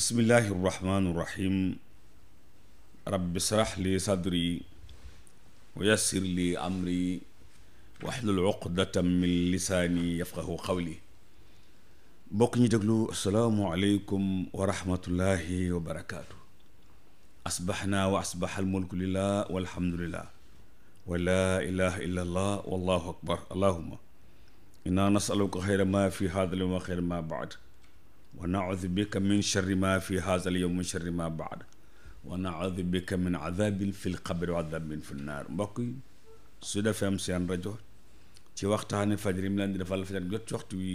bismillahi irrahmani irrahim rabbi srax li sadri wa yassir li amri waxlul uqdatan min lisaani yafqahu qawli bokk ñu déglu asalaamu aleykum wa rahmatullahi wa barakaatu asbaxnaa wa asbax almulku lillah walhamdulillah wa laa ilaha illa allah wallahu akbar allahuma inna nasaluka xayra ma fi hada lima xayra ma baad wa naudu bika min sharri ma fi haazal yowm sharri ma baad wa a bika min adabin fi lqabri wa adabin fi nnaar su defee am seen rajo ci waxtaani fajar yi mu di defal jot ci waxtu wi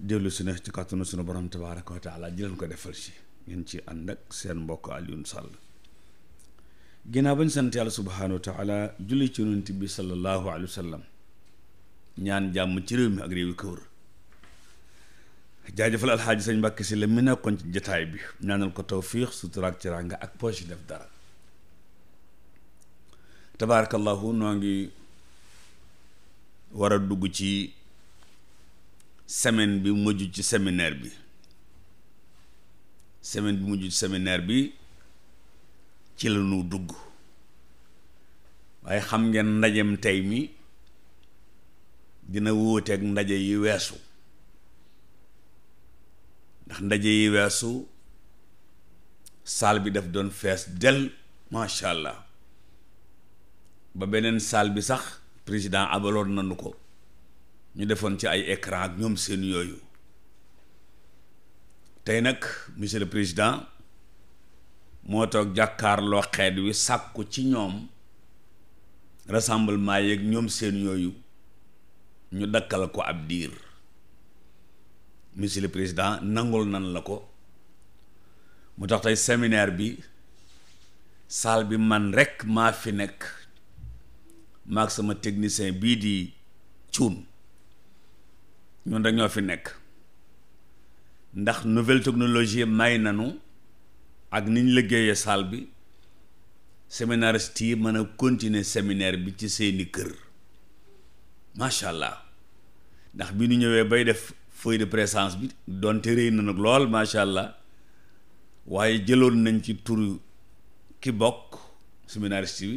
dellu si ne ci kàttanu sunu borom tabaraka wa taala ji leen ko defal si ngeen ci ànd ak seen mbokk Alioune Sall ginnaaw bañ sant yàlla subhaanahu wa taala julli ci yonent bi sallallahu alayhi wa ñaan jàmm ci réew mi ak réew yi ko jaajëfal alxaaji sëñ Mbàkke si la mi nekkoon ci jataay bi ñaanal ko tawfiix sutura ak teraanga ak poche def dara tabaarakallahu noo ngi war a dugg ci semaine bi mujj ci séminaire bi semaine bi mujj ci séminaire bi ci la ñu dugg waaye xam ngeen ndajem tey mi dina wuuteeg ndaje yi weesu ndax ndaje yi weesu saal bi daf doon fees del macha allah ba beneen saal bi sax président abaloon nanu ko ñu defoon ci ay écran ak ñoom seen yooyu tey nag monsieur le président moo toog jàkkaarloo xeet wi sàkku ci ñoom rassemblement yeeg ñoom seen yooyu ñu dakkal ko ab diir monsieur le président nangul nan la ko mu tax tey séminaire bi salle bi man rekk maa fi nekk maag sama technicien bii di cuun ñun rek ñoo fi nekk ndax nouvelle technologie may nanu ak ni ñu liggéeyee salle bi séminariste yi mën a continuer séminaire bi ci seeni kër macha allah ndax bi ñu ñëwee bay def feuille de présence bi donte rëy na nag lool macha allah waaye jëloon nañ ci turu ki bokk séminariste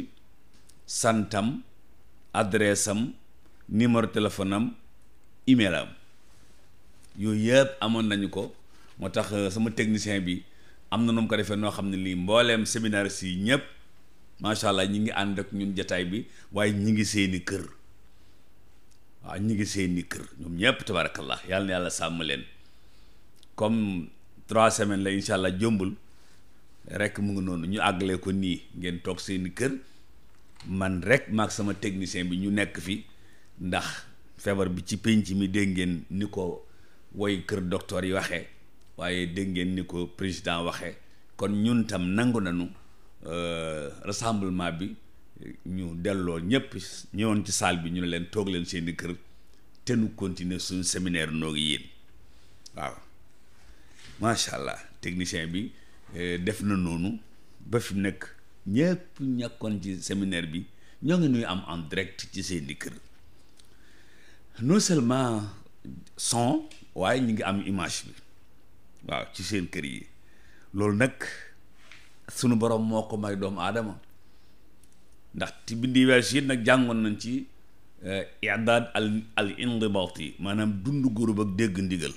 santam adresse am numéro téléphone am email am yooyu yëpp amoon nañu ko moo tax euh, sama technicien bi am na nu ko defee noo xam ne lii mbooleem séminariste yi ñëpp macha allah ñi ngi ànd ak ñun jataay bi waaye ñi ngi seeni kër waaw ñu ngi seeni kër ñoom ñëpp tabarakallah yàlla na yàlla sàmm leen comme trois semaines la incha allah jombul rek mu ngi noonu ñu àggale ko nii ngeen toog seeni kër man rek maag sama technicien bi ñu nekk fi ndax feebar bi ci pinc mi dégg ngeen ni ko woy kër docteur yi waxee waaye dégg ngeen ni ko président waxee kon ñun tam nangu nañu euh, rassemblement bi ñu delloo ñëpp ñëwoon ci salle bi ñu ne leen toog leen seeni kër te nu continuer suñu séminaire noog yéen waaw macha allah technicien bi eh, def na noonu ba fi nekk ñëpp ñàkkoon ci séminaire bi ñoo ngi nuy am en direct ci seeni kër no seulement son waaye ñu ngi am image bi waaw ci seen kër yi loolu nag sunu borom moo ko may doomu aadama ndax ci bindi wees yi nag jàngoon nañ ci eh, i'dad al al yi maanaam dund groupe ak dégg ndigal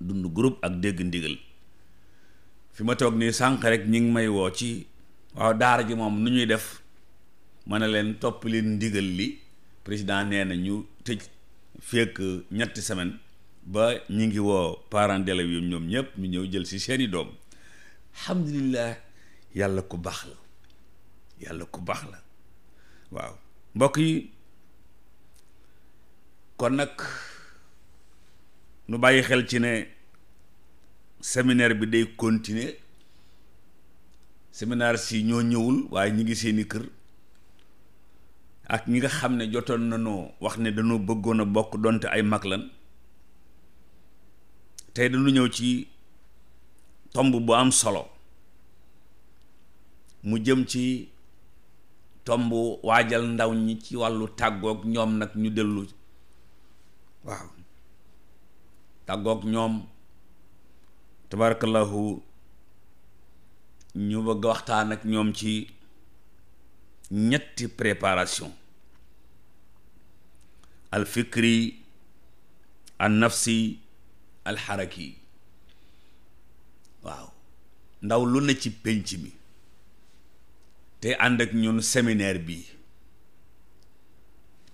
dund groupe ak dégg fi ma toog nii sànq rek ñi ngi may woo ci waaw daara ji moom nu ñuy def ma ne leen topp leen ndigal li président nee na ñu tëj fekk ñetti semaine ba ñu ngi woo parents d'élèves ñoom ñëpp ñu ñëw jël si seeni doom alhamdulillah yàlla ku baax la yàlla ku baax la waaw mbokk yi kon nag nu bàyyi xel ci ne séminaire bi day continuer séminaire si ñoo ñëwul waaye ñu ngi seeni kër ak ñi nga xam ne jotoon na nañoo wax ne dañoo bëggoon a bokk donte ay mag lan tey dañu ñëw ci tomb bu am solo mu jëm ci tomb waajal ndaw ñi ci wàllu tàggook ñoom nag ñu dellu waaw tàggoog ñoom tabarakallahu ñu bëgg waxtaan ak ñoom ci ñetti préparation al fikri al waaw ndaw lu na ci pénc mi te ànd ak ñun séminaire bi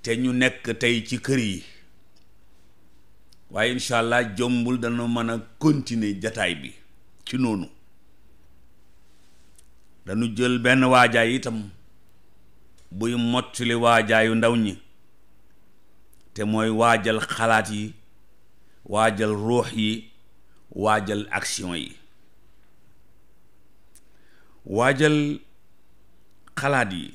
te ñu nekk tey ci kër yi waaye incha allah jombul dana mën a continuer jataay bi ci noonu danu jël benn waajaay itam buy mottali waajaayu ndaw ñi te mooy waajal xalaat yi waajal ruux yi waajal action yi waajal xalaat yi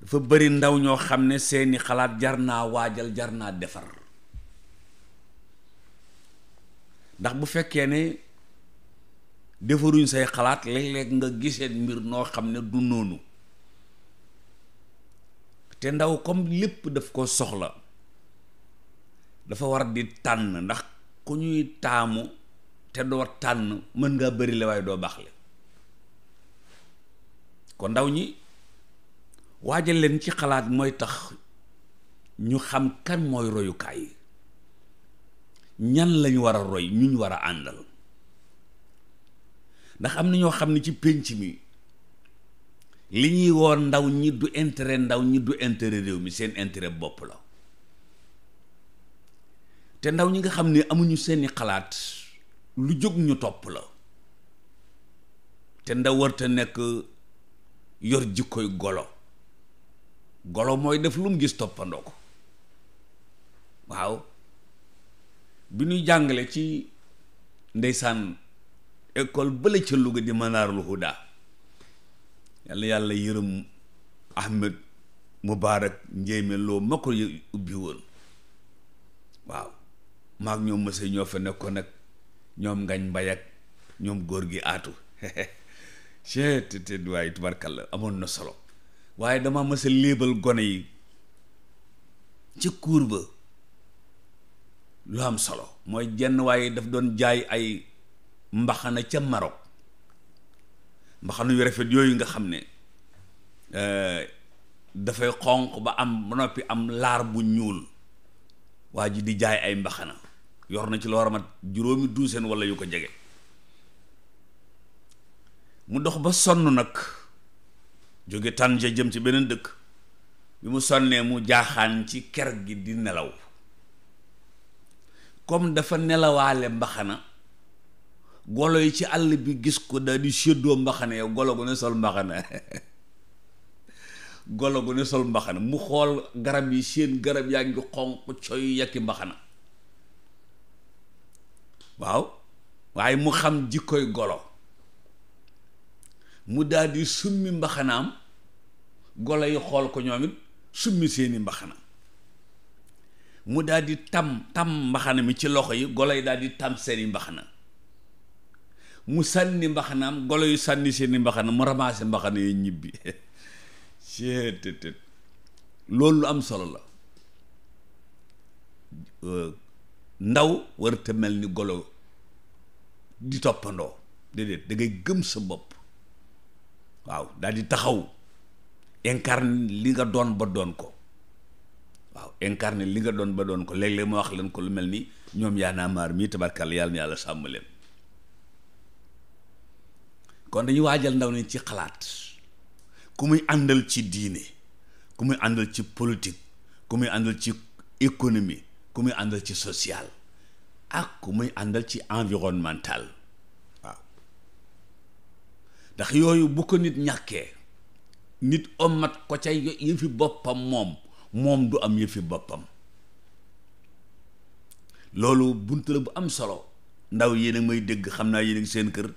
dafa bari ndaw ñoo xam ne seeni xalaat jar naa waajal jar naa defar ndax bu fekkee ne defaruñ say xalaat léeg-léeg nga gisee mbir noo xam ne du noonu te ndaw comme lépp daf koo soxla dafa war di tànn ndax ku ñuy taamu te doo tànn mën ngaa bëri la waaye doo baax le kon ndaw ñi waajal leen ci xalaat mooy tax ñu xam kan mooy royukaay yi ñan lañ war a roy ñuñ war a àndal ndax am na ñoo xam ne ci pénc mi li ñuy woor ndaw ñi du intérêt ndaw ñi du intérêt réew mi seen intérêt bopp la te ndaw ñi nga xam ni amuñu seeni xalaat lu jóg ñu topp la te ndaw warta nekk yor jikkoy golo golo mooy def lu mu gis toppandoo ko waaw bi ñuy jàngale ci ndeysaan école bële ca Louga di Manaarul Huda yàlla yàlla yërëm Ahmed Moubarak Njéeme loo ma ko ubbi woon waaw maag ñoom mësa ñoo fa nekkoon ak ñoom ngañ mbay ak ñoom góor gi aatu chet te waaye la amoon na solo waaye dama mës a léebal gone yi ca kuur ba lu am solo mooy jenn waaye daf doon jaay ay mbaxana ca Maroc mbaxana yu rafet yooyu nga xam ne euh, dafay xonq ba am ba noppi am laar bu ñuul waa ji di jaay ay mbaxana yor na ci loo war a mat juróomi duuseen wala yu ko jege mu dox ba sonn nag jóge Tànja jëm ci beneen dëkk bi mu sonnee mu jaaxaan ci ker gi di nelaw comme dafa nelawaale mbaxana golo yi ci àll bi gis ko daal di séddoo mbaxana yow golo gu ne sol mbaxana golo gu ne sol mbaxana mu xool garab yi seen garab yaa ngi xonq coy yakki mbaxana waaw waaye mu xam jikkoy golo mu daldi summi mbaxanaam golo yi xool ko ñoom it summi seeni mbaxana mu daldi tam tam mbaxana mi ci loxo yi golo yi daal di tam seeni mbaxana mu sànni mbaxanaam golo yu sànni seeni mbaxana mu ramaase mbaxana yu ñibbi seetetet loolu lu am solo la euh, ndaw warta mel ni golo di toppandoo déedéet da ngay gëm sa bopp waaw daal di taxaw incarne li nga doon ba doon ko waaw incarne li nga doon ba doon ko léeg-léeg ma wax leen ko lu mel ni ñoom yaa naa maar mii tabarkàlla yàlla na sàmm leen kon dañuy waajal ndaw ni ci xalaat ku muy àndal ci diine ku muy àndal ci politique ku muy àndal ci économie ku muy àndal ci social ak ku muy àndal ci environnemental ndax yooyu bu ko nit ñàkkee nit ommat ko ca yëfi boppam moom moom du am yëfi boppam loolu bunt la bu am solo ndaw yéen a may dégg xam naa yéen seen kër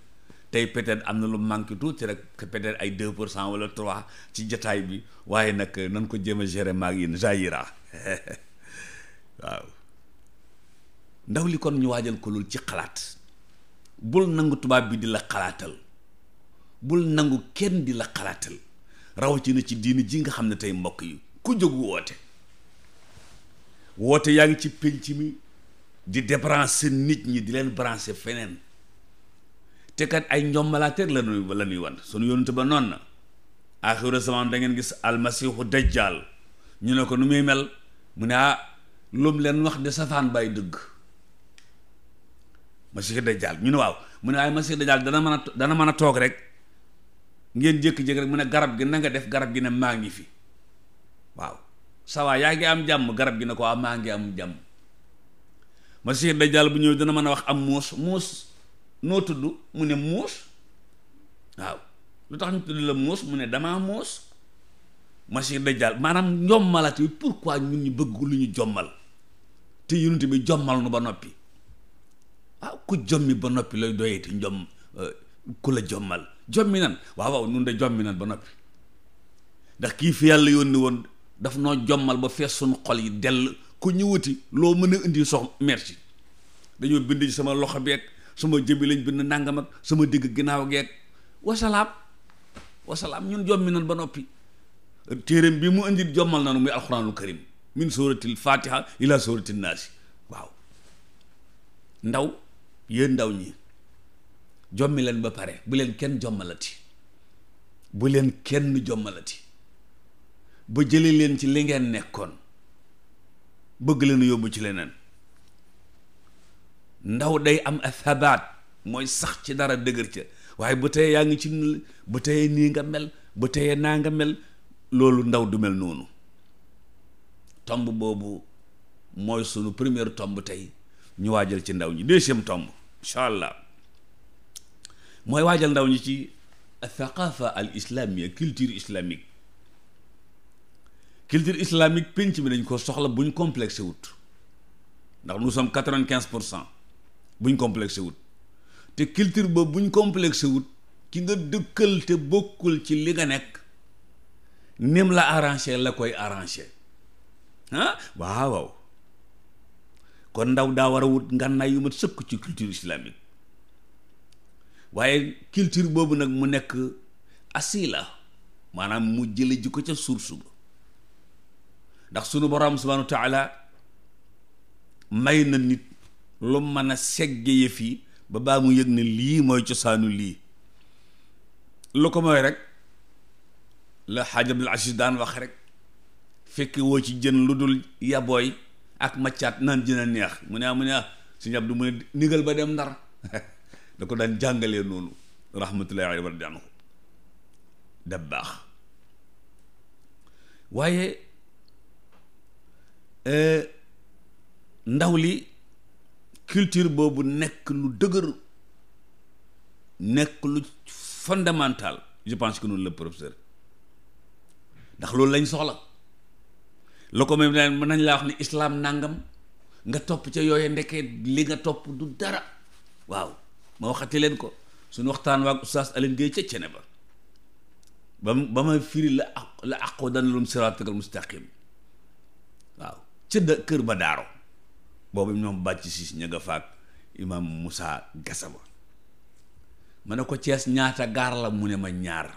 tey peut-être am na lu manqué tuuti rek peut-être ay deux pour cent wala trois ci jataay bi waaye nag nan ko jéem a gérer maag yéen jaayira waaw ndaw li kon ñu waajal ko loolu ci xalaat bul nangu tubaab bi di la xalaatal bul nangu kenn di la xalaatal rawatina ci diini ji nga xam ne tey mbokk yi ku jóg woote woote yaa ngi ci pénc mi di débrancher nit ñi di leen brancher feneen te kat ay njommalateeg la nuy la nuy wan sunu yonent ba noon na aaxiru zaman da ngeen gis almasihu dajjal ñu ne ko nu muy mel mu ne ah lum leen wax de safaan bay dëgg masihu dajjal ñu ne waaw mu ne waaye masihu dajjal dana mën dana mën a toog rek ngeen jékki-jékki rek mu ne garab gi nanga def garab gi ne maa ngi fi waaw sawaa yaa ngi am jàmm garab gi ne ko am maa ngi am jàmm masiix dajjaal bu ñëw dana mën a wax am muus muus noo tudd mu ne muus waaw lu tax ñu tudd la muus mu ne damaa muus masiix dajjaal maanaam njommalat yi pourquoi ñun ñu bëgg lu ñu jommal te yonent bi jommal nu ba noppi waaw ku jommi ba noppi la doyati njom euh, ku la jommal jommi nan waaw waaw nun de jommi nan ba noppi ndax kii fi yàlla yónni woon daf noo jommal ba fees suñu xol yi dell ku ñëwati loo mën a indi sox merci dañoo bind ci sama loxo beeg sama jëbi lañ bind nangam ak sama digg ginnaaw geeg wasalaam wasalaam ñun jommi nan ba noppi téeréem bi mu indi jommal nanu muy alxuraanul karim min suratil fatiha ila suratil naasi waaw ndaw yéen ndaw ñi jommileen ba pare bu leen kenn jommalati bu leen kenn jommalati ba jële leen ci li ngeen nekkoon bëgg leen yóbbu ci leneen ndaw day am athabaat mooy sax ci dara dëgër ca waaye bu tey yaa ngi ci bu tey nii nga mel bu tey naa nga mel loolu ndaw du mel noonu tomb boobu mooy sunu première tomb tey ñu waajal ci ndaw ñi deuxième tomb incha allah mooy waajal ndaw ñi ci thaqafa al islamia culture islamique culture islamique penc mi dañ ko soxla buñ complexé wut ndax nous sommes quatre vingt quinze pour cent buñ complexé wut te culture boobu buñ complexé wut ki nga dëkkal te bokkul ci li nga nekk nim la arrangé la koy arrangé ah waaw waaw kon ndaw daa war a wut ngànnaay yu mat sëkk ci culture islamique waaye culture boobu nag mu nekk asila maanaam mu jëla ji ko ca source ba ndax sunu borom subhanahu wa taala may na nit lu mën a segge yëf yi ba baa mu yëg ne lii mooy cosaanu lii lu ko mooy rek la xaaj Abdul Asiis daan wax rek fekk ci jën lu dul yabooy ak maccaat naan jën a neex mu ne ah mu ne ah suñu Abdu mu ne nigal ba dem ndar da ko daan jàngalee noonu rahmatullahi alayhi wa radiyallahu da baax waaye euh, ndaw li culture boobu nekk lu dëgër nekk lu fondamental je pense que noonu la professeur ndax loolu lañ soxla la ko même naan mën nañ laa wax ni islaam nangam nga topp ca yooye ndekee li nga topp du dara waaw ma waxati leen ko suñu waxtaan waag oustaz Alioune Gueye ca cene ba ba ba ma firi la aq la aqu dana lum siraatakal mustaqim waaw ca da kër ba daaro boobu ñoom bàcc siis ña nga faak imam Moussa Gassama ne ko Cees ñaata gaar la mu ne ma ñaar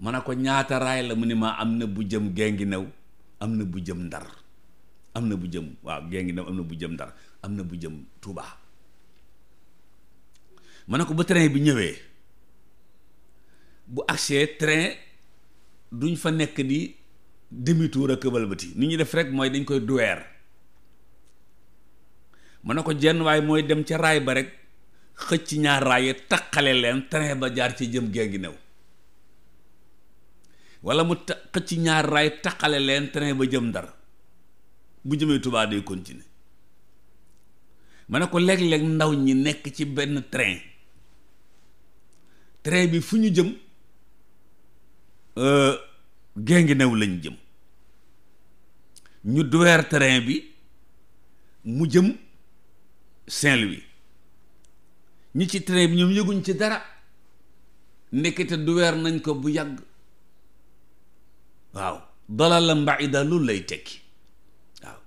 ma ne ko ñaata raay la mu ne ma am na bu jëm gee ngi new am na bu jëm ndar am na bu jëm waaw ngi new am na bu jëm ndar am na bu jëm Touba ma ne ko ba train bi ñëwee bu agsee train duñ fa nekk di demi rek ak këbalbati ni ñu def rek mooy dañ koy duweer mën ne ko jenn waaye mooy dem ca raay ba rek xëcc ñaar raaye taqale leen train ba jaar ci jëm gee gi new wala mu ta xëcc ñaar raay taqale leen train ba jëm ndar bu jëmee Tuubaa day continuer ma ne ko léeg-léeg ndaw ñi nekk ci benn train train bi fu ñu jëm euh, géngi new lañ jëm ñu duweer train bi mu jëm Saint-Louis ñi ci train bi ñoom yëguñ ci dara ndekete duweer nañ ko bu yàgg waaw la dalala daal loolu lay tekki waaw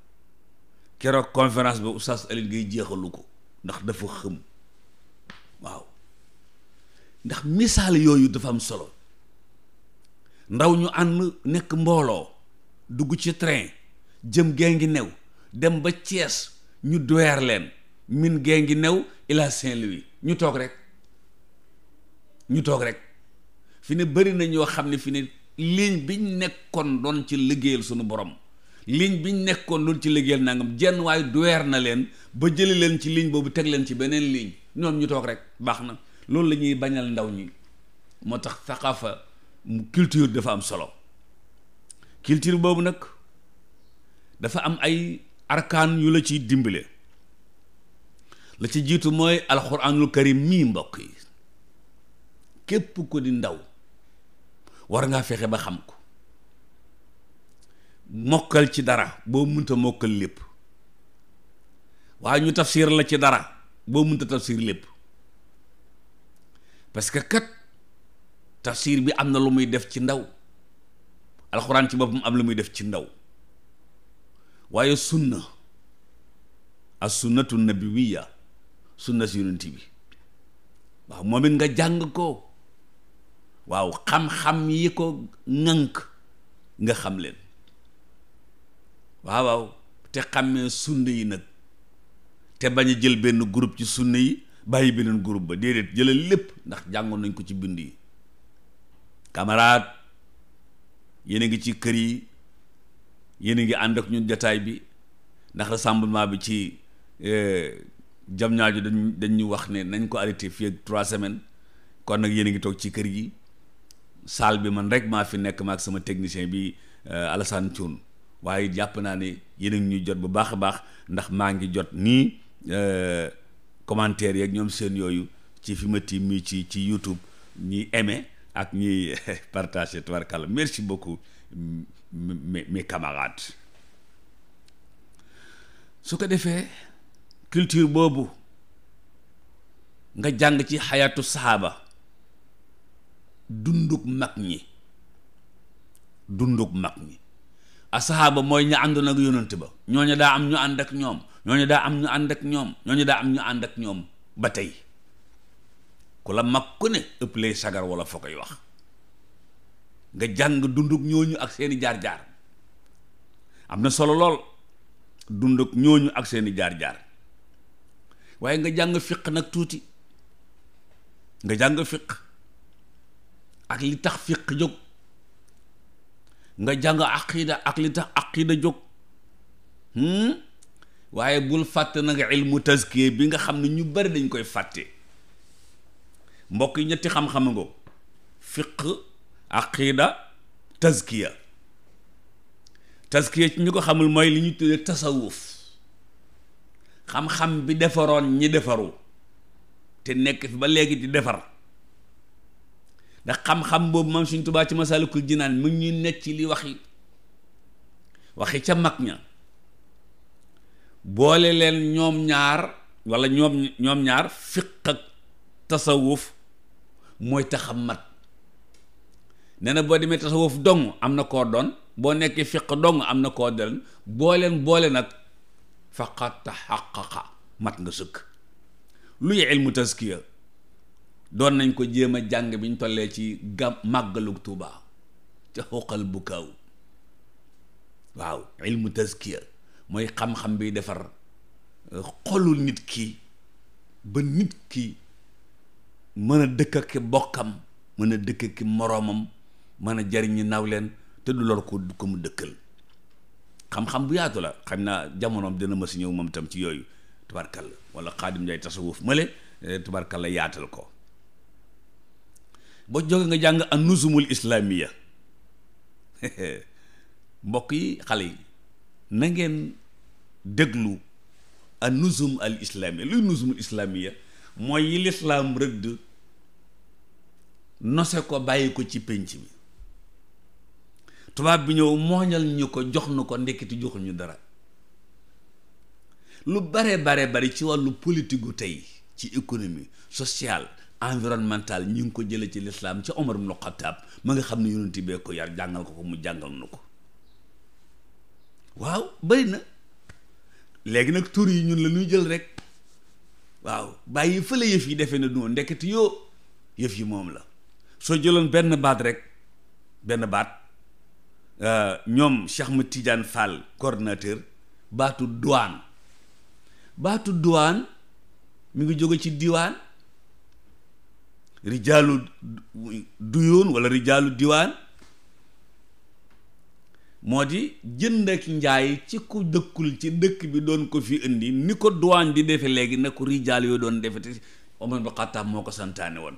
keroog conférence ba oustaz Alioune Gueye jéexalu ko ndax dafa xëm waaw ndax misaal yooyu dafa am solo ndaw ñu ànd nekk mbooloo dugg ci train jëm gee ngi new dem ba Thiès ñu doyar leen miin gee ngi new ila Saint-Louis ñu toog rek ñu toog rek fi ne bari na ñoo xam ne fi ne ligne biñ nekkoon doon ci liggéeyal sunu borom ligne biñ nekkoon doon ci liggéeyal nangam jenn waaye doyar na leen ba jëli leen ci ligne boobu teg leen ci beneen ligne ñoom ñu toog rek baax na loolu la ñuy bañal ndaw ñi moo tax mu culture dafa am solo culture boobu nag dafa am ay arkaan yu la ci dimbale la ci jiitu mooy alxuraanul karim mii mbokk yi képp ko di ndaw war ngaa fexe ba xam ko mokkal ci dara boo munta mokkal lépp waaye ñu tafsir la ci dara boo munta tafsir lépp parce que kat tafsir bi am na lu muy def ci ndaw alxuraan ci boppam am lu muy def ci ndaw waaye sunna as sunnatu nabawiya sunna si yonent bi waaw moom nga jàng ko waaw xam-xam yi ko ŋànk nga xam leen waaw waaw te xàmmee sunna yi nag te bañ a jël benn groupe ci sunna yi bàyyi beneen groupe ba déedéet jëlal lépp ndax jàngoon nañ ko ci bind yi camarade yéen a ngi ci kër yi yéen a ngi ànd ak ñun jataay bi ndax rassemblement bi ci euh, jam ñaajo dañ dañ ñu wax ne nañ ko arrêté fii ak trois semaines kon nag yéen ngi toog ci kër gi salle bi man rek maa fi nekk ma ak sama technicien bi euh, Alassane Thioune waaye jàpp naa ne yéen a ngi ñuy jot bu baax a baax ndax maa ngi jot nii euh, commentaires yeeg ñoom seen yooyu ci fi ma tiim mi ci ci YouTube ñi eme ak ñi partagé tubarkàlla merci beaucoup mes mes su ko defee culture boobu nga jàng ci xayatu saxaaba dunduk mag ñi dunduk mag ñi a saxaaba mooy ña àndoon ak yonent ba ñooñu daa am ñu ànd ak ñoom ñooñu daa am ñu ànd ak ñoom ñooñu daa am ñu ànd ak ñoom ba tey ku la mag ku ne ëpp lay sagar wala foo koy wax nga jàng dunduk ñooñu ak seeni jaar-jaar am na solo lool dunduk ñooñu ak seeni jaar-jaar waaye nga jàng fiq nag tuuti nga jàng fiq ak li tax fiq jóg nga jàng aqida ak li tax aqida jóg hmm? waaye bul fàtt nag ilmu tazkiya bi nga xam ne ñu bari dañ koy fàtte mbokk yi ñetti xam-xam nga fiq aqida tazkiya tazkiya ci ñu ko xamul mooy li ñu tuddee tasawuf xam-xam bi defaroon ñi defaru te nekk fi ba léegi di defar ndax xam-xam boobu maam suñ Tuubaa ci Masaalikul Jinaan mu ngi ñuy nekk ci li waxi waxi ca mag ña boole leen ñoom ñaar wala ñoom ñoom ñaar fiq ak tasawuf mooy tax a mat nee na boo demee tasawuf dong am na koo don boo nekkee fiq dong am na koo doon boo boole nag faqat taxaqaqa mat nga sëkk luy ilmu taskiya doon nañ ko jéem a jàng bi ñu tollee ci gam màggalug Tuubaa ca xuqal bu kaw waaw ilmu taskiya mooy xam-xam bi defar euh, xolu nit ki ba nit ki mën a dëkk ak bokkam mën a dëkk ak moroomam mën a jariñ ñi naw leen te du lor ko ko mu dëkkal xam-xam bu yaatu la xam naa jamonoom dina ma si ñëw moom itam ci yooyu tubarkalla wala xaadim njaay tasawuf mële euh, tubarkalla yaatal ko ba jóge nga jàng an nuzumul islamiya mbokk yi xale yi na ngeen déglu a nuzum al islamiya luy nuzumul islamiya mooy yi lislaam rëdd nose ko bàyyi ko ci pénc bi tubaab bi ñëw mooñal ñu ko jox na ko ndekkiti joxul ñu dara lu bare bare bari ci wàllu politique gu tey ci économie sociale environnementale ñu ngi ko jële ci lislaam ci Omar ibn Khattab ma nga xam ne yonent bee ko yar jàngal ko ko mu jàngal na ko waaw bëri na léegi nag tur yi ñun la ñuy jël rek waaw bàyyi fële yëf yi defee na du ndeketi yoo yëf yi moom la soo jëloon benn baat rek benn baat euh, ñoom Cheikh Ma Tidiane Fall baatu douane baatu duwaan mu ngi jóge ci diwaan rijaalu yoon wala rijaalu diwaan moo di jënd ak njaay ci ku dëkkul ci dëkk bi doon ko fi indi ni ko douane di defe léegi na ko rijaal yoo doon defe te Omar bu Xattaab moo ko santaane woon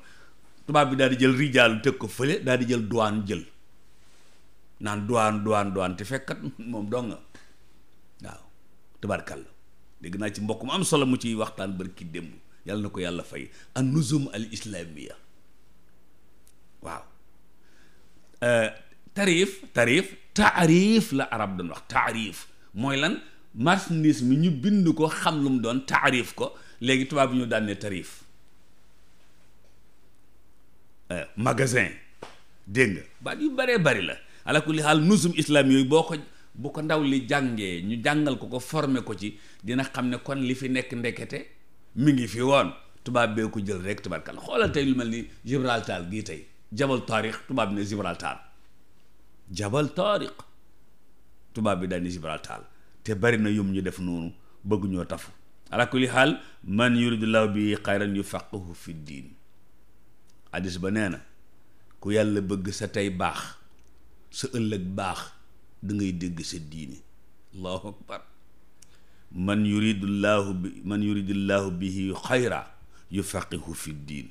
tubaab bi daal di jël rijaal teg ko fële daal di jël douane jël naan douane douane douane te moom dong nga waaw tubaarkàlla dégg naa ci mbokk mu am solo mu ciy waxtaan barki démb yàlla na ko yàlla fay an nuzum al islamiya waaw euh, tarif tarif taarif la arab doon wax mooy lan marchandise mi ñu bind ko xam lu mu doon taarif ko léegi tubaab bi ñu daan ne euh, magasin dégg nga baat yu baree bari la ala kulli xaal nusum islam yooyu boo ko bu ko ndaw li jàngee ñu jàngal ko ko former ko ci dina xam ne kon li fi nekk ndekete mu ngi fi woon tubaab bee ko jël rek tubaarkalla xoolal tey lu mel ni Gibraltar gii tey jabal taarix tubaab ne Gibraltar jabal taariq tubaab bi daal ni Gibraltar te bari na yum ñu def noonu bëgguñoo ñoo tafu ala kulli xaal man yuridullahu bi xayran yufaqihu fi diin hadis ba nee na ku yàlla bëgg sa tey sa ëllëg baax da dégg sa diine allahu akbar man yuridullahu bi man yuridullahu bihi xayra yufaqihu fi diin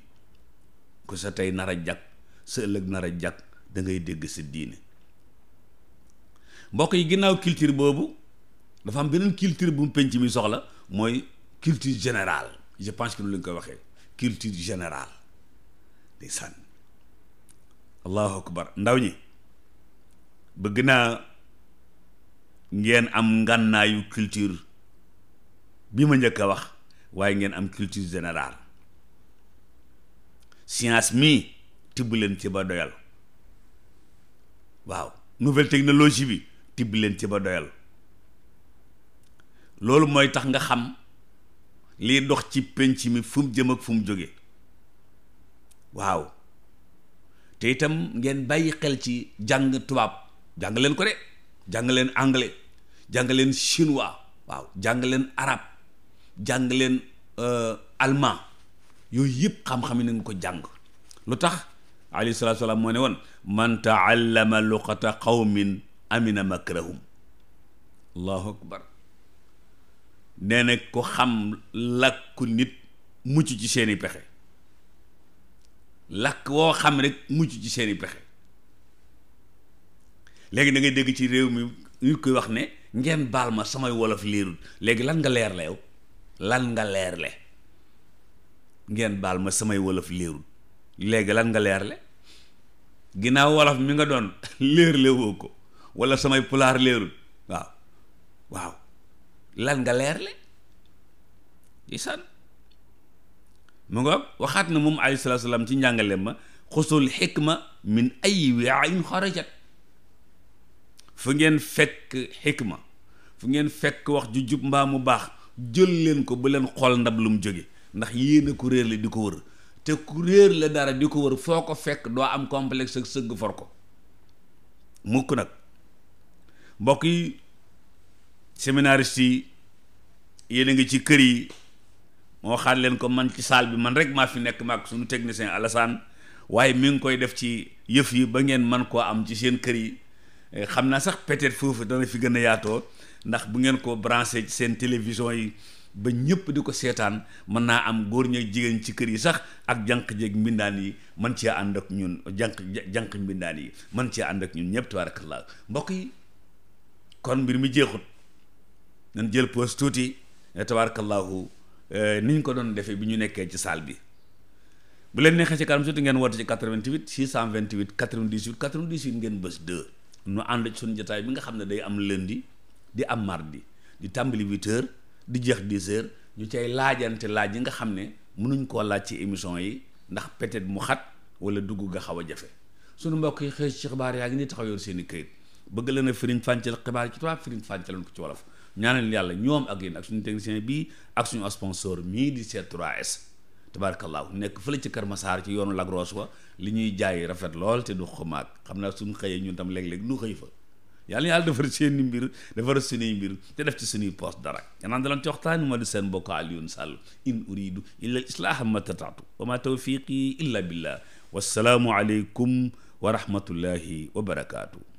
ku sa tey nar a jag sa ëllëg nar a jag da dégg sa diine mbokk yi ginnaaw culture boobu dafa am beneen culture bu mu penc mi soxla mooy culture général je pense que lu ñu ko waxee culture général di sànni allahu akbar ndaw ñi bëgg naa ngeen am ngànnaayu culture bi ma njëkk a wax waaye ngeen am culture général science mii tibb leen ci ba doyal waaw nouvelle technologie bi tibb leen ci ba doyal loolu mooy tax nga xam liy dox ci penc mi fu mu jëm ak fu mu jóge waaw te itam ngeen bàyyi xel ci jàng tubaab jàng leen ko de jàng leen anglais jàng leen chinois waaw jàng leen arab jàng leen euh, allemand yooyu yëpp xam-xam yi nañ ko jàng lu tax alayhi salaam moo ne woon man taallama luqata qawmin amina makrahum allahu akbar nee na ku xam làkku nit mucc ci seeni pexe lakk woo xam rek mucc ci seeni pexe léegi dangay ngay dégg ci réew mi yu koy wax ne ngeen baal ma samay wolof leerul léegi lan nga leer la lan nga leer ngeen baal ma samay wolof leerul léegi lan nga leer le ginnaaw wolof mi nga doon leer ko wala samay pulaar leerul waaw waaw lan nga leerle isaan mu nga waxaat na moom alayhi salaatu salaam ci njàngaleem ma xusul xikma min ay wiain xarajat fu ngeen fekk xikma fu ngeen fekk wax ju jub mbaa mu baax jël leen ko bu leen xool ndab lu mu jóge ndax yéen a ku réer la di ko wër te ku la dara di ko wër foo ko fekk doo am complexe ak sëgg for ko mukk nag mbokk yi séminariste yi yéen a ngi ci kër yi moo xaar leen ko man ci saal bi man rek maa fi nekk maag suñu technicien Alassane waaye mi ngi koy def ci yëf yi ba ngeen man koo am ci seen kër yi eh, xam naa sax peut foofu dana fi gën a yaatoo ndax bu ngeen ko branché ci seen télévision yi ba ñëpp di ko seetaan mën naa am góor ña jigéen ci kër yi sax ak janq jeeg mbindaan yi man cee ànd ak ñun janq jànq mbindaan yi man cee ànd ak ñun ñëpp tabarakallah mbokk yi kon mbir mi jeexut nañ jël pause tuuti ne tabarakallahu eh, ni ñu ko doon defee bi ñu nekkee ci salle bi bu leen neexee ci kanam surtout ngeen woote ci 88 628 98 98 ngeen bës 2 nu ànd ci suñu jotaay bi nga xam ne day am lundi di am mardi di tàmbali 8 di jeex 10 heures ñu cay laajante laaj yi nga xam ne mënuñ koo laaj ci émission yi ndax peut-être mu xat wala dugg nga xaw a jafe sunu mbokk yi xëy ci xibaar yaa ngi ni taxaw yor seen i këyit bëgg leen a firiñ fàncal xibaar ci tubaab firiñ fàncaloon ko ci wolof ñaanal yàlla ñoom ak yéen ak suñu technicien bii ak suñu sponsor mii di C3S tabarakallahu nekk fële ci Kër Masaar ci yoonu Lagros wa li ñuy jaay rafet lool te du xumaag xam naa suñu xëyee ñun tam léeg-léeg nu xëy fa yàlla yàlla defar seeni mbir defar suñuy mbir te def ci suñuy poste dara yanaan dalan ci waxtaan ma di seen bokk Alioune Sall in uridu illa al islaaha ma tataatu wa ma tawfiqi illa billah wassalaamu aleykum wa rahmatullahi wa barakaatu